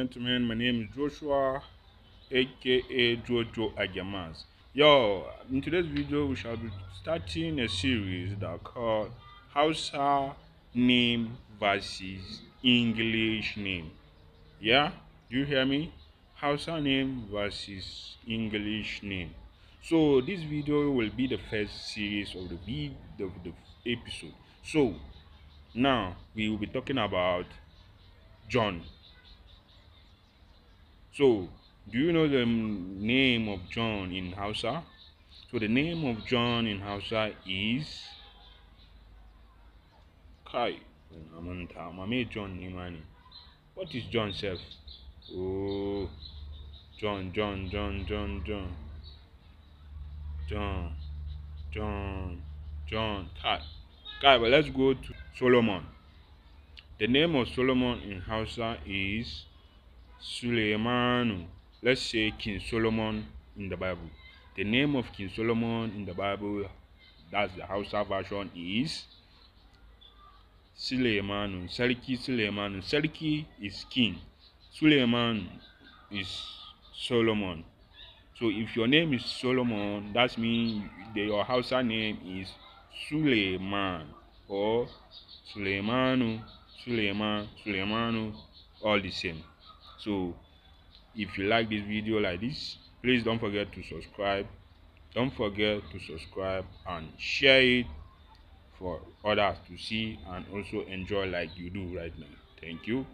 gentlemen. My name is Joshua, aka Jojo Ajamas. Yo, in today's video, we shall be starting a series that called Hausa Name versus English Name. Yeah, do you hear me? Hausa Name versus English Name. So this video will be the first series of the of the episode. So now we will be talking about John so, do you know the name of John in Hausa? So, the name of John in Hausa is Kai. John Nimani. What is John self? Oh, John, John, John, John, John, John, John, John. Kai, Kai. But let's go to Solomon. The name of Solomon in Hausa is Suleiman. Let's say King Solomon in the Bible. The name of King Solomon in the Bible, that's the Hausa version, is Suleiman. Selki Suleiman. Selki is king. Suleiman is Solomon. So if your name is Solomon, that means your Hausa name is Suleiman or Suleimanu, Suleiman, Suleimanu, all the same so if you like this video like this please don't forget to subscribe don't forget to subscribe and share it for others to see and also enjoy like you do right now thank you